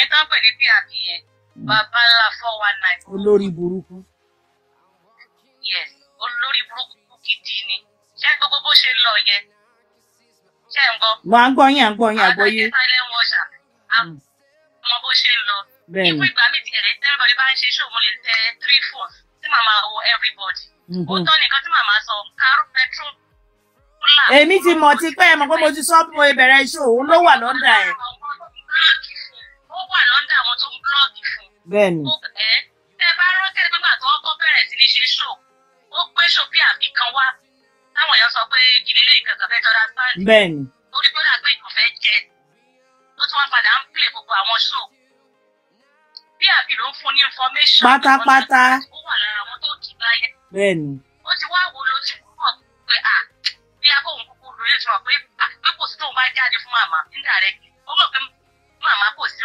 ọkùnrin tó ń pè ní pàbí yẹn mm. bàbá four one nine. olórí burúkú. yes olórí burúkú gidi ni ṣé gbogbo bó ṣe lọ yẹn ṣé ń gbọ́. mo à ń gbọ́ yín à ń gbọ́ yín àgbọ́yé. àmọ́ mm. bó ṣe lọ. bẹ́ẹ̀ni ikú ìgbà mi ti ẹ̀rẹ́ everybody bá ń ṣe ṣòwò lè tẹ three four tí màmá wo everybody. òótọ́ mm-hmm. nìkan tí màmá sọ kárọ̀ petrol. èmi ti mọ̀ ti pẹ́ mọ̀ pé mo ti sọ pé mo bẹ̀rẹ̀ iṣẹ́ òun ló wà lọ́ndà ẹ̀. bẹ́ẹ̀ni. ẹ bá rántí pé bàtà ọkọ bẹ̀rẹ̀ sí ní ṣe ṣò ó gbé ṣòbí àbí kan wá táwọn èèyàn sọ pé ìdílé ìkẹkẹ fẹẹ tọ́ra sáàlì. bẹ́ẹ̀ni. orí bọ́dà pé ìkàn fẹ́ jẹ ó tún wá padà ń pè gbogbo àwọn ṣò bí àbí ló ń fún ní information. pátápátá. ó wà lára àwọn tó kì í báyẹ. bẹ́ẹ̀ni. ó ti wá wo ló ti wúrọ̀ pé à bí akóhùn kúkú lóye sọ pé pé sí tóun bá jáde fún màmá nígbà rẹ ó mọ̀ pé màmá kò sí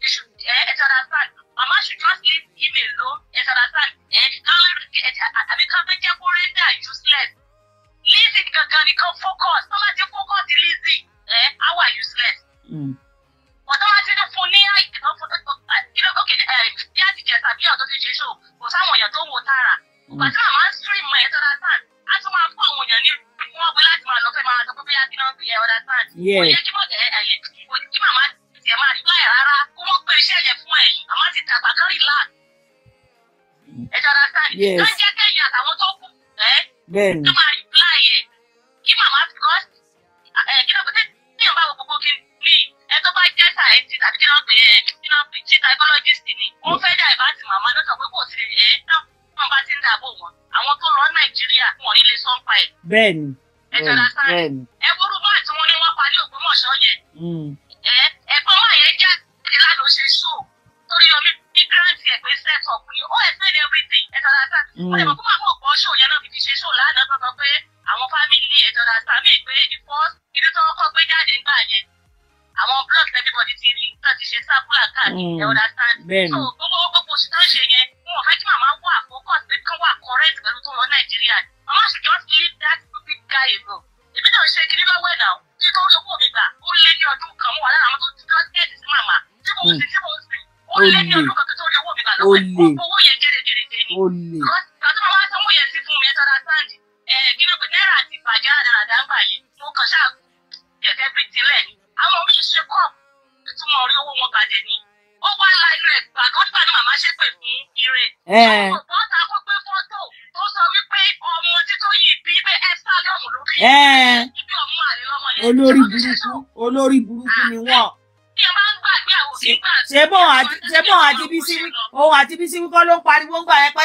they should eh, understand mama should just leave him alone it's understand eh, àbí kan fẹ́ jẹ́ kó rẹ́dà useless Lizzy gangan ni kan focus Some máa ti focus the Lizzy eh, awa useless. ọ̀tọ́ wa ti fún ní àyè kan fún ok bí àtijọ́ tàbí ọ̀tọ́ ti ṣe ṣó kò sáwọn èèyàn tó ń wo tààrà pàtó màmá ń stream ẹ̀ it's understand á tún máa fún àwọn èèyàn ní wọ́n gbé láti máa lọ fẹ́ máa sọ pé bí a ti náà ń fi ẹ̀ understand kò yẹ kí wọ́n Yes. ló jẹ́ kẹ́yìn àtàwọn tó kù ẹ́ tó reply ẹ̀ kí màmá ti kọ́ ẹ̀ kí ni ẹ tó bá jẹ́ scientist àti kí ló ń pè ẹ kí ló ń pè ṣe psychologist ni ó fẹ́ dà ìbá ti màmá lọ́sọ̀ pé kò sí ẹ̀ táwọn bá ti ń dàbò wọn àwọn tó lọ Nàìjíríà wọn ní lè sọ ń pa ẹ̀. bẹ́ẹ̀ni bẹ́ẹ̀ni ẹ wúrú báyìí tí wọn ní wọn parí ó máa mọ̀ pọ̀ ṣó yẹn náà fi ṣe ṣó lánàá tó sọ pé àwọn fámìlì ẹ̀ tọ́ra fámìlì pé the first ibi tó kọ́ gbé jáde ńgbà yẹn àwọn blood everybody ti rí náà ti ṣe sábúlà káàkiri ẹ̀ ọ̀dà stand so gbogbo gbogbo oṣù tó ń ṣe yẹn wọn ò fẹ́ kí màmá wà focus pé kán wà correct pẹ̀lú tó lọ Nàìjíríà màmá ṣe just leave that stupid guy alone èmi náà ṣe kiri lọ́wọ́ ẹ̀ náà tí tó ń lówó mi gbà ó lé ní ọdún kan wà lára àwọn tó ti tán ẹ̀ẹ́dì sí màmá tí mo sì hmm. tí mo sì ó lé ní ọdún kan tó ń lówó mi gbà lọ́wọ́ ẹ̀ yẹn sí fún mi ẹ tọ́ra sáǹdì ẹ kí pé náírà àti ìbàjẹ́ àdàràdà ń bàyẹ̀ mo kàn ṣáàkù kẹ̀kẹ́ bíi tilẹ̀ ni àwọn míì ṣe kọ́ọ̀pù tí wọ́n owó wọn bàjẹ́ ni ó wá la inú ẹ̀ màmá ṣépè fún ire. ṣebọn àti ṣebọn àti bísí òun àti bísí wíkọ́ ló ń pariwo ń gbà ẹ pé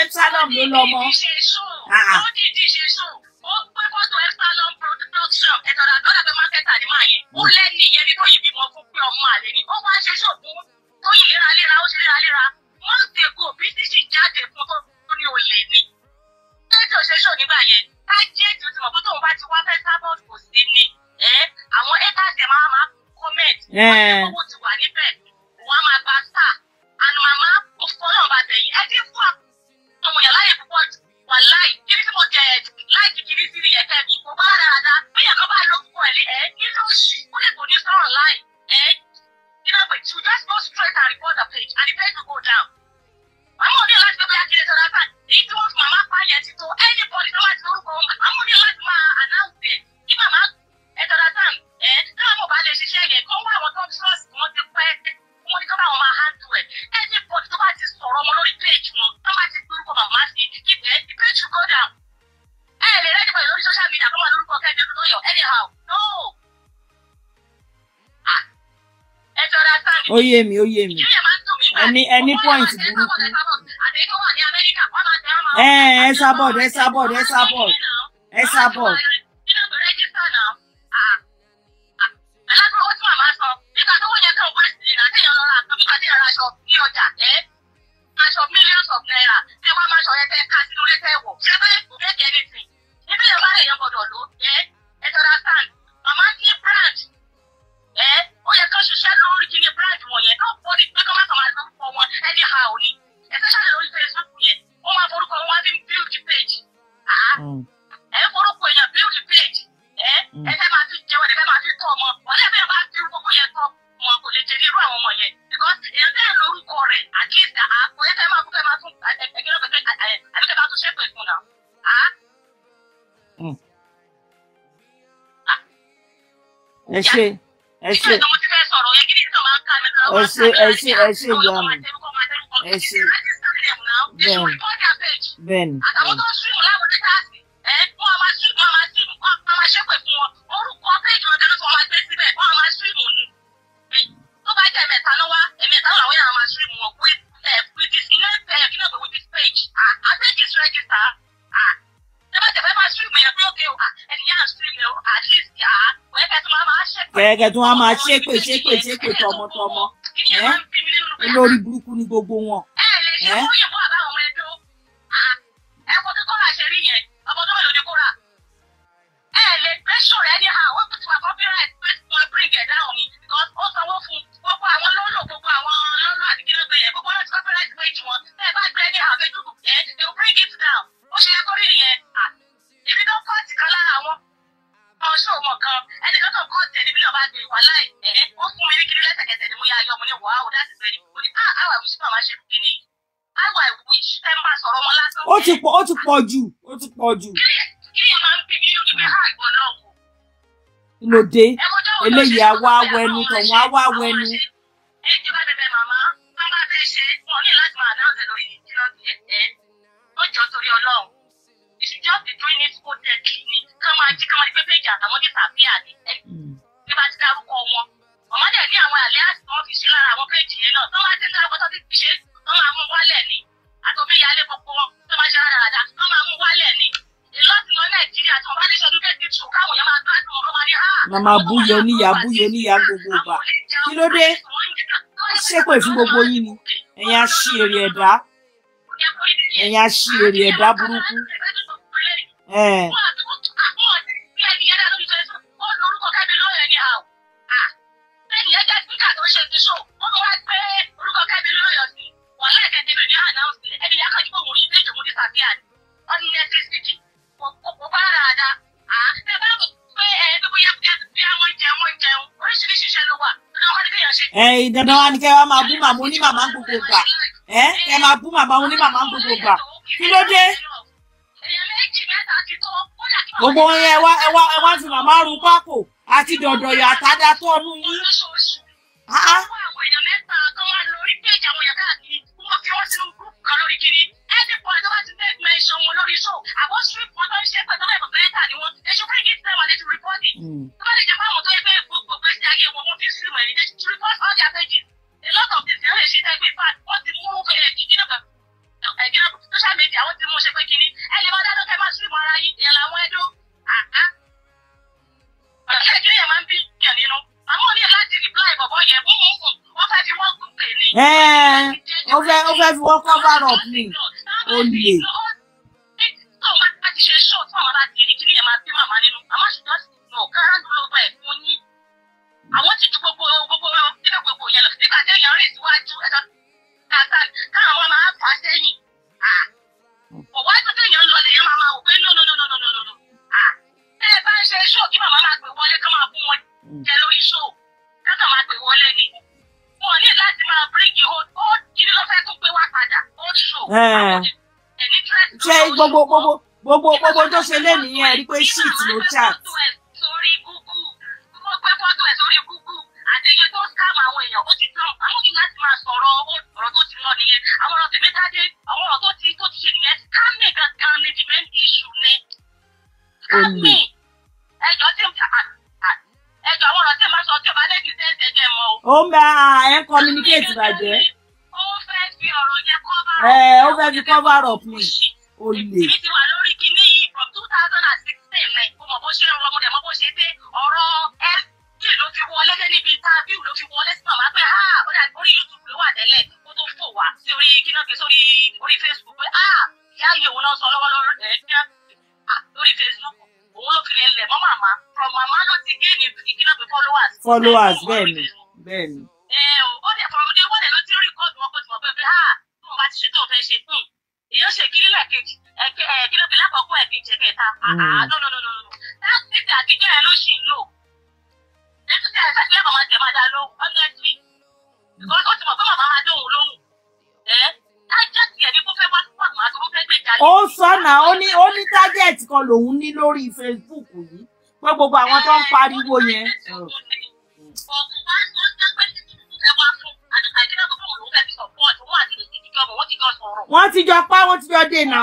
epsilon ló lọ mọ́. ó dìdí ṣe so ah, ah. ó pé kótó epsilon production ẹ̀dọ̀dà dọ́là pé mákẹ́tà ni máa yẹ ó lẹ́nu ìyẹn bí tóyìn bímọ fún pé ọmọ àlè ni ó wá ṣe ṣòfò tóyìn léraléra ó ṣe léraléra mọ́tò èkó bísí sì jáde fún tó ní olè ni. ṣéjọ ṣe ṣò nígbà yẹn ká jẹ́ ètò ìmọ̀ pé tóun bá ti wá fẹ́ sábọ̀ọ̀sì kò sí ni àwọn haters ẹ̀ máa máa comment wọ́n ti kówó ti wà níbẹ̀ wọ́n á máa gba sáà and màmá mo fọlọ́ ó yé mi ó yé mi ẹni ẹni point burúkú ẹ ẹ sábọ̀d ẹ sábọ̀d ẹ sábọ̀d ẹ sábọ̀d. ẹ ṣe ẹ ṣe ẹ ṣe ẹ ṣe ẹ ṣe gbàmù ẹ ṣe bẹ́ẹ̀ni bẹ́ẹ̀ni bẹ́ẹ̀ni. register. Ah, ẹ bá tẹ̀ fẹ́ máa stream yẹn pé ó ké o, ẹnìyàn stream yẹn o, ah, at least ah, wẹ́ẹ́ kẹ́tù kẹ̀kẹ́ tí wọ́n á máa ṣépè ṣépè ṣépè tọmọtọmọ olórí burúkú ni gbogbo wọn. ẹ lè ṣe fún yìnbọn àbáwọn ọmọ ẹjọ ẹ kò tí kọ́ra ṣe rí yẹn ọmọ tó mẹ́lòó ni kóra ẹ lè gbé ṣòro ẹni àwọn tó ti wà copyright wọn bring it down ni ó sanwó fún gbogbo àwọn lọ́lọ́ gbogbo àwọn lọ́lọ́ àti kí ló gbé yẹn gbogbo ọlọ́tí copyright wage wọn tẹ́ ẹ bá gbé ẹni àwọn ẹjọ́ kù ẹ they will bring it down ó ṣe é kórìrì yẹn èmi náà kọ́ ti kan lára àwọn ọṣọ ọmọ kan ẹnìkan kan kọ́ tẹ̀lé bí náà bá gbé wà láì ẹ̀ ó fún mi ní kiri lẹ́sẹ̀kẹsẹ̀ ni mo yá ayọ́ mo ní wàá o dáàtì bẹ̀rẹ̀ mo ní ah how I wish mama ṣe kí ni how I wish ẹ máa sọ̀rọ̀ ọmọ lásán. ó ti pọ̀ ó ti pọ̀ jù ó ti pọ̀ jù. kí ni màá ń bí mi yóò ní pé ha ah, ìwọ náà wò. lòdè eléyìí àwa awẹnu tọ̀hún àwa awẹnu. ẹ jẹ́ bá bẹ̀bẹ̀ màmá bá bá fẹ́ ṣe wọn ní láti máa dáhùn lórí ìjọ kán máa jí kán máa di pé péjì àtàwọn ti tàbí àdé ẹni hmm. bí bá ti dárúkọ wọn ọmọ dẹ̀ ní àwọn àlẹ́ àti wọn fi ṣe lára àwọn péjì yẹn náà tó máa ti ń dárúkọ tó ti fi ṣe tó máa mú wálẹ̀ ni àtòbí ìyáálé gbogbo wọn tó máa ṣe rárá rárá tó máa mú wálẹ̀ ni ìlọ́sìn lọ nàìjíríà tó bá lè ṣọdún kẹ́ẹ̀dì tù káwọn yẹn máa gbá àtọ̀ wọn máa ní ha. Ah, wọn máa búyọ níyà búyọ níyà gbogbo ìgbà kí ló dé ṣépè fún gbogbo yín ni ẹ̀yin aṣèrè ẹ̀dá ẹ̀yin aṣèrè ẹ̀dá burúkú. ṣe fi ṣó ó tó wá pé orúkọ kẹ́mi lóyọ̀ sí wọ́n láìpẹ́ tẹ̀lé ní àdáwọ̀sì ẹni yà kàn nípa òun yìí méjì òun dìsàbíà ni wọ́n ní ẹ́ tíì síkì kò bá ara àdá àtẹ bá wò pé ẹ gbogbo yà bí àwọn jẹun wọn jẹun oríṣiríṣi iṣẹ́ ló wà ẹ wa ni kẹ wa máa bú màmá gbogbo gbà ẹ kẹ máa bú màmá onímàmá gbogbo gbà kí ló dé gbogbo yẹn ẹ wá ẹ wá fi màmá rú pákó àti dọ̀dọ̀yọ̀ àtàdá tó ọdún yín. Ah, ah. àwọn èèyàn mẹ́ta tó wà lórí péjì àwọn èèyàn káàkiri wọ́n fi wọ́n sínú gúrúùpù kan lórí kiri Eh, ó fẹ́ ó fẹ́ fi wọ́n cover up ni ó lè. tó o bá ti ṣe ṣó tí màmá bá kí ni ẹ̀ máa bí màmá nínú màmá ṣe gbogbo gbogbo gbogbo gbogbo tó ṣe lé nìyẹn rí pé shit ló chat. sórí google mo gbé fọ́tò ẹ̀ sórí google àdéhùn tó scam àwọn èèyàn ó ti tán àwọn kí láti máa sọ̀rọ̀ ọ̀rọ̀ tó ti lọ nìyẹn àwọn ọ̀rọ̀ tèmi dáadé àwọn ọ̀rọ̀ tó ti tó ti ṣe nìyẹn scamming gangan ni the main issue ni scamming ẹjọ́ tí ẹjọ́ àwọn ọ̀rọ̀ tí mo sọ tí bá lè fi ṣe mọ́ o. ó ń bá ẹ communicate bàjẹ́ ẹ ó fẹ́ fi cover up ni o lè. èmi ti wà lórí kinní yìí from two thousand and sixteen ẹ̀ mo mọ̀ bó ṣe ń rọ mo dẹ̀ mọ̀ bó ṣe dé ọ̀rọ̀ ẹ̀ kí ló fi wọlé dé níbi tábìlì ló fi wọlé sí màmá pé ah, ó dà orí youtube ló wà tẹ́lẹ̀ kó tó fò wá sí orí kíná fi sórí orí facebook pé ah ìyá yìí òun náà sọ lọ́wọ́ lórí ẹ̀ ní lórí facebook òun ló fi lè lẹ̀ mọ́ màmá from màmá ló ti gé ní kíná fi followers. followers bẹ́ẹ̀ ni bẹ́ẹ̀ ni. Ah, ah no no no no ẹsẹ àtijọ́ yẹn ló ṣì ń lò ẹsẹ àtijọ́ yẹn màmá tẹ̀ máa dá lóhùn honestly because ó ti mọ̀ pé màmá máa dóhùn lóhùn ẹ tájẹ́tì yẹn ni mo fẹ́ wá fún àwọn àtúrò fẹ́ gbé jáde. ó sọnà ó ní ó ní tájẹ́tì kan lòun ní lórí Facebook yìí pé gbogbo àwọn tó ń eh, pariwo yẹn. wọ́n ti jọ pa wọ́n ti jọ dènà.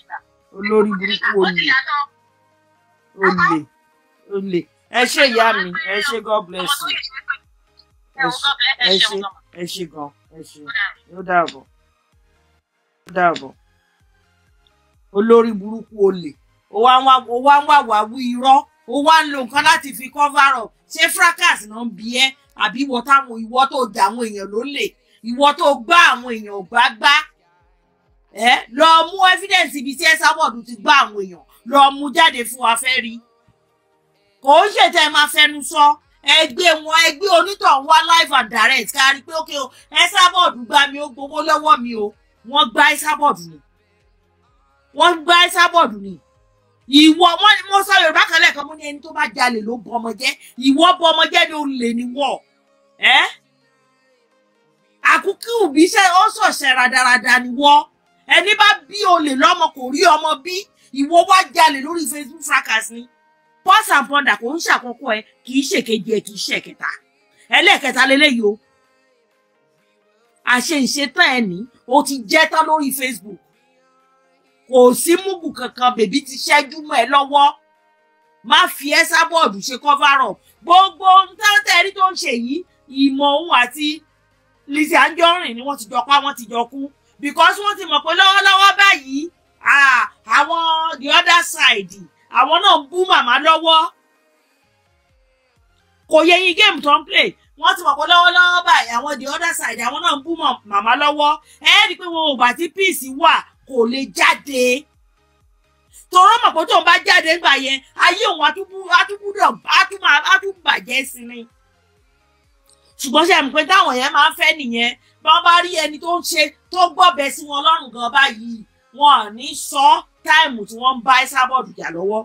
olórí burúkú olè olè olè ẹ ṣe ìyá mi ẹ ṣe god bless you ẹ ṣe ẹ ṣe gan ẹ ṣe ó dàbọ̀ ó dàbọ̀ olórí burúkú olè ó wá ń wá wá wí irọ́ ó wá ń lo nǹkan láti fi cover up ṣé fracas náà ń bi ẹ́ àbí ìwọ táwọn ìwọ tó dà àwọn èèyàn lólè ìwọ tó gbá àwọn èèyàn ò gbá gbá ẹ lọ mú evidence ibi tí ẹ sábọ̀dù ti gbá àwọn èèyàn lọ mú jáde fún wa fẹ́ rí kò ń ṣètò ẹ máa fẹnu sọ ẹ gbé wọn ẹ gbé wá live and direct kárí pé ókè o ẹ sábọ̀dù gbá mi ó gbowó lọ́wọ́ mi o wọ́n gbá ẹ sábọ̀dù ni wọ́n gbá ẹ sábọ̀dù ni ìwọ wọn mo sọ yorùbá kan lẹ́ẹ̀kan mo ní ẹni tó bá jalè ló bọ ọmọ jẹ ìwọ bọ ọmọ jẹ ni olè ni wọ ẹ àkúkú òbí ṣe ó sọ ṣe radarada ni wọ ẹni bá bí olè lọ́mọ kò rí ọmọ bí ìwọ wá jalè lórí facebook fracas ni pọ́s and pọ́ndà kò ń ṣàkọ́kọ́ ẹ kì í ṣèkejì ẹ kì í ṣèkẹta ẹlẹ́ẹ̀kẹta lélẹ́yìí o àṣe ìṣetán ẹ ní o ti jẹ́ tán lórí facebook kò sí múgù kankan bèbí ti ṣẹ́jú mọ́ ẹ lọ́wọ́ má fi ẹ sábọ́ọ̀dù ṣe kọ́fàrọ̀ gbogbo tẹ́tẹ́rí tó ń ṣe yìí ìmọ̀ òun àti Lizzy Anjorin ni wọ́n ti jọ pa wọ́n ti jọ kú because wọ́n ti mọ̀ pé lọ́wọ́lọ́wọ́ báyìí àwọn the other side àwọn náà ń bú màmá lọ́wọ́ kò yẹ yín game tó ń play wọ́n ti mọ̀ pé lọ́wọ́lọ́wọ́ báyìí àwọn the other side àwọn náà ń bú màmá lọ́wọ́ ẹ rí i pé wọn ò bá tí peace wà kò lè jáde tọrọ mọ̀ pé tóun bá jáde nígbà yẹn ayé òun atúbúdọ̀ atúbàjẹ́ sí ni ṣùgbọ́n ṣe àmì pé táwọn yẹn máa ń fẹ́ nìyẹn bá bá rí ẹni tó ń ṣe tó gbọ́bẹ sí wọn lọ́rùn gan báyìí wọn à ní sọ táìmù tí wọ́n ń bá Esabod jà lọ́wọ́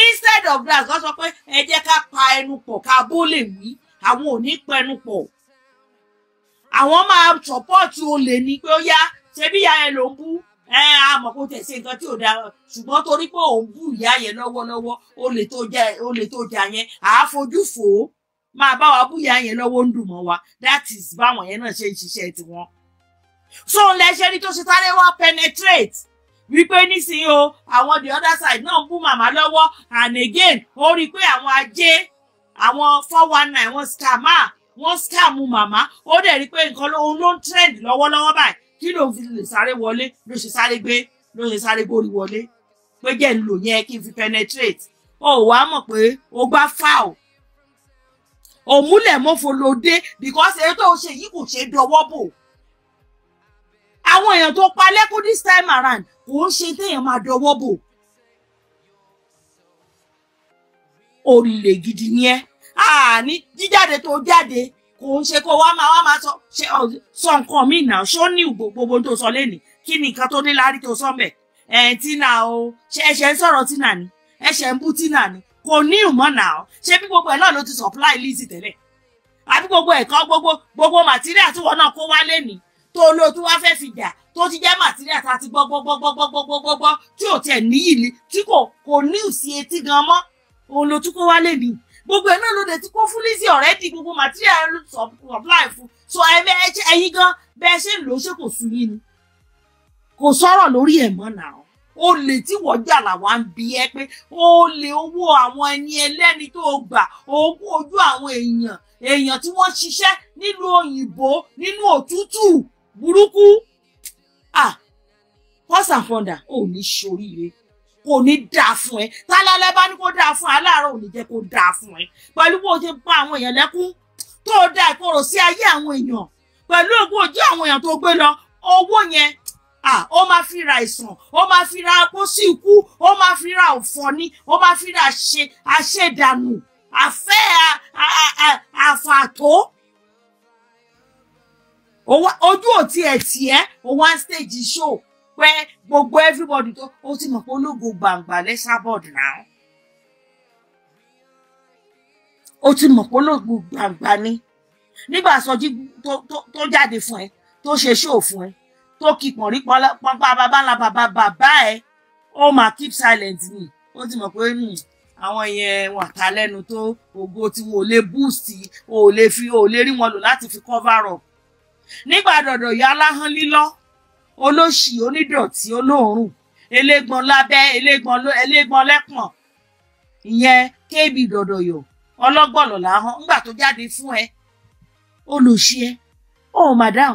instead of that wọ́n sọ pé ẹ jẹ́ ká pa ẹnu pọ̀ ká bó lè wí àwọn ò ní pẹnu pọ̀ àwọn máa sọpọ́ọ̀tì olè ní pé ó yá ṣebí ìyá ẹ ló ń bú ẹ àmọ́ kó tẹ̀sí nǹkan tí ò dára ṣùgbọ́n torí pé òun bú ìyá yẹn lọ́wọ́lọ́wọ́ olè tó jà yẹn àá fojú fò ó máa bá wa búyà yẹn lọ́wọ́ ń dùn mọ́ wa that is báwọn yẹn náà ṣe ń ṣiṣẹ́ tiwọn. so lẹ́sẹ̀ rí tó ṣe sáré wá penetrate wípé nísìnyí o àwọn the other side náà bú màmá lọ́wọ́ and again ó rí i pé àwọn ajé àwọn four one nine wọn scammer ah, wọn scam màmá ó dẹ̀ rí i pé nǹkan ló ń trend lọ́wọ́lọ́wọ́ báyìí kí ló fi lè sáré wọlé ló ṣe sáré gbé ló ṣe sáré gbórí wọlé pé jẹ́ ń lò yẹn kí n fi penetrate ó wàá mọ̀ pé ó gbá foul òmúlẹ̀ mọ́fọlọ́dé because èyí tó ṣe yìí kò ṣe dọwọ́ bò àwọn èèyàn tó pa lẹ́kún this time around kò ń ṣe téèyàn máa dọwọ́ bò olè gidi ni ẹ àní jíjáde tó jáde kò ń ṣe kó wá máa wá máa sọ ṣe sọ nǹkan míì náà ṣó ní gbogbo tó sọ lẹ́nìí kí ni nǹkan tó ní láárí tó sọ mẹ́ tí náà o ṣe ẹ̀ṣẹ̀ ń sọ̀rọ̀ tí náà ni ẹ̀ṣẹ̀ ń bú tí náà ni kò ní ìmọ̀ náà ṣé bí gbogbo ẹ̀ náà ló ti supply list tẹ́lẹ̀ àbí gbogbo ẹ̀kọ́ gbogbo gbogbo material tí wọn náà kó wálé ní tó olóòtú wá fẹ́ fi jà tó ti jẹ́ material tá a ti gbọ́ gbọ́ gbọ́ gbọ́ gbọ́ gbọ́ gbọ́ gbọ́ gbọ́ tí ò tiẹ̀ níyì ni tí kò kò ní ìsí etí gan mọ́ òun ló tún kó wálé ní gbogbo ẹ̀ náà ló dé tí kò fún Lizzy already gbogbo material ló supply fún so ẹ̀yin gan bẹ́ẹ̀ ṣe ń lò ó ṣe kò sùn yín ni kò sọ̀rọ̀ lórí ẹ̀ mọ́ náà olè tí wọ́n jà làwọn ń bi ẹ́ pé olè owó àwọn ẹni ẹlẹ́ni tó gbà owó ojú àwọn èèyàn èèyàn tí wọ́n ṣiṣẹ́ nílùú òyìnbó nínú òtútù burúkú ah pass and founder ò ní ṣoríire kò ní dáa fún ẹ tálálẹ́ bá ní kó dáa fún ẹ aláàárọ̀ ò ní jẹ́ kó dáa fún ẹ pẹ̀lú bó ṣe pa àwọn èèyàn lẹ́kún tó da ìkorò sí ayé àwọn èèyàn pẹ̀lú ògùn ojú àwọn èèyàn tó gbé lọ owó yẹn ah ó máa fi ra ìsàn ó máa fi ra apó sí ikú ó máa fi ra òfòní ó máa fi ra àṣe àṣedànù àfẹ́ àfàtó ojú òtí ẹ̀ tiẹ̀ ó one stage show pé gbogbo everybody tó ó ti mọ̀ pé ológo gbàǹgbà lẹ́sàbọ̀d náà ó ti mọ̀ pé ológo gbàǹgbà ni nígbà sọjí tó jáde fún ẹ tó ṣe show fún ẹ tó kí pọ̀nrí pọ́npá bàbá ńlá bàbá bàbá ẹ̀ ó máa keep silent ni ó ti mọ̀ pé hmm, àwọn yẹn wà ta lẹ́nu tó ògo tí wọn ò lè boost ò lè fi ò lè rí wọn lò láti fi cover up nígbà dọ̀dọ̀ ya láhán lílọ́ olóṣì onídọ̀tí olóòórùn elégbọn lábẹ́ elégbọn elégbọn lẹ́pọ̀n ìyẹn kb dọ̀dọ̀yọ̀ ọlọ́gbọ̀lọ̀ láhán ńgbà tó jáde fún ẹ olóṣì ẹ oh madam